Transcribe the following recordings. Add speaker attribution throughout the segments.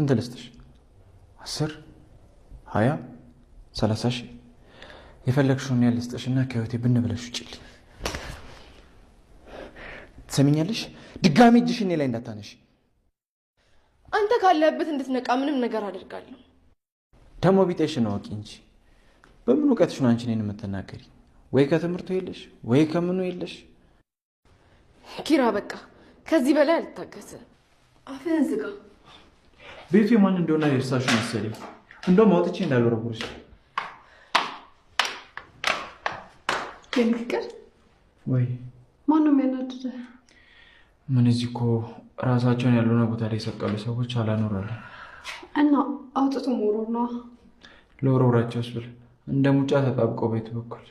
Speaker 1: ስንት ልስጥሽ? አስር ሀያ ሰላሳ ሺህ የፈለግሽውን ያህል ልስጥሽና ከህይወቴ ብንብለሽ ብለሽ ውጭልኝ። ትሰሚኛለሽ? ድጋሚ እጅሽ እኔ ላይ እንዳታነሽ።
Speaker 2: አንተ ካለህበት እንድትነቃ ምንም ነገር አደርጋለሁ።
Speaker 1: ደግሞ ቢጤሽን አውቂ እንጂ በምን እውቀትሽ ነው አንቺ የምትናገሪ? ወይ ከትምህርቱ የለሽ ወይ ከምኑ የለሽ።
Speaker 2: ኪራ በቃ ከዚህ በላይ አልታገዝ? አፍህን ዝጋ።
Speaker 1: ቤቱ የማን እንደሆነ የእርሳሽ መሰለኝ። እንደውም አውጥቼ እንዳልወረወርሽ የኔ ፍቅር። ወይ
Speaker 2: ማነው የሚያናድደ?
Speaker 1: ምን እዚህ እኮ ራሳቸውን ያልሆነ ቦታ ላይ የሰቀሉ ሰዎች አላኖራለ
Speaker 2: እና አውጥቶ መውረር ነዋ።
Speaker 1: ለወረውራቸው ስብል እንደ ሙጫ ተጣብቆ ቤት በኩል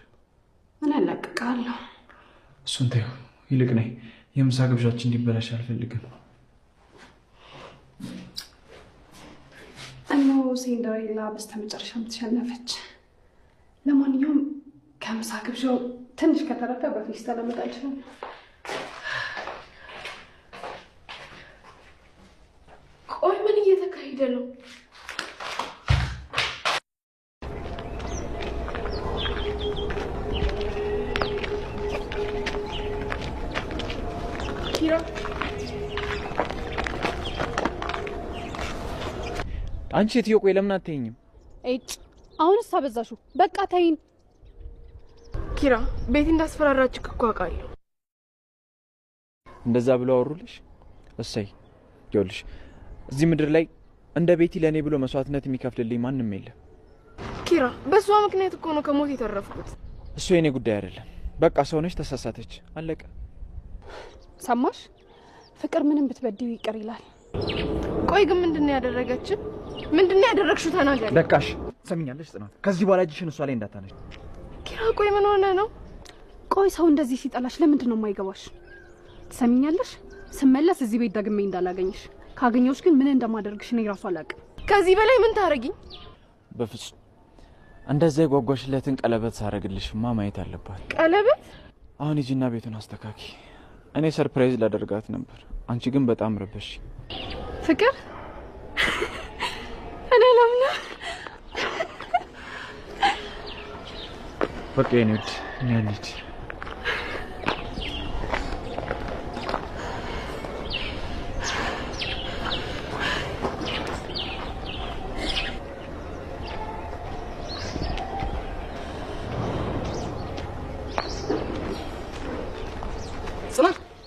Speaker 2: ምን ያላቅቃለሁ።
Speaker 1: እሱን ተይው፣ ይልቅ ነይ። የምሳ ግብዣችን እንዲበላሽ አልፈልግም።
Speaker 2: ሲንደሬላ በስተመጨረሻም ተሸነፈች። ለማንኛውም ከምሳ ግብዣው ትንሽ ከተረፈ በፌስታል አመጣልሻለሁ። ቆይ ምን እየተካሄደ ነው? ኪራ
Speaker 1: አንቺ ሴትዮ ቆይ ለምን አትይኝም?
Speaker 2: እጭ አሁንስ በዛሹ። በቃ ተይኝ። ኪራ ቤት እንዳስፈራራች እኮ አውቃለሁ።
Speaker 1: እንደዛ ብሎ አወሩልሽ? እሰይ ይኸውልሽ፣ እዚህ ምድር ላይ እንደ ቤቲ ለእኔ ብሎ መስዋዕትነት የሚከፍልልኝ ማንም የለም።
Speaker 2: ኪራ በእሷ ምክንያት እኮ ነው ከሞት የተረፍኩት።
Speaker 1: እሱ የእኔ ጉዳይ አይደለም። በቃ ሰው ተሳሳተች፣ አለቀ።
Speaker 2: ሰማሽ? ፍቅር ምንም ብትበድው ይቅር ይላል። ቆይ ግን ምንድን ነው ያደረገችን? ምንድን ያደረግሽው? ተናገር።
Speaker 1: በቃሽ። ሰሚኛለሽ ጽናት፣ ከዚህ በኋላ እጅሽን እሷ ላይ እንዳታነሽ።
Speaker 2: ኪራ፣ ቆይ ምን ሆነ ነው? ቆይ ሰው እንደዚህ ሲጠላሽ ለምንድን ነው የማይገባሽ? ትሰሚኛለሽ? ስመለስ እዚህ ቤት ደግሜ እንዳላገኝሽ፣ ካገኘሁሽ ግን ምን እንደማደርግሽ እኔ እራሱ አላውቅም። ከዚህ በላይ ምን ታረጊኝ?
Speaker 1: በፍጹም እንደዛ የጓጓሽለትን ቀለበት ሳረግልሽማ ማየት አለባት። ቀለበት? አሁን ሂጂና ቤቱን አስተካኪ። እኔ ሰርፕራይዝ ላደርጋት ነበር፣ አንቺ ግን በጣም ረበሽ ፍቅር Wordt één uit, nee niet. Sana?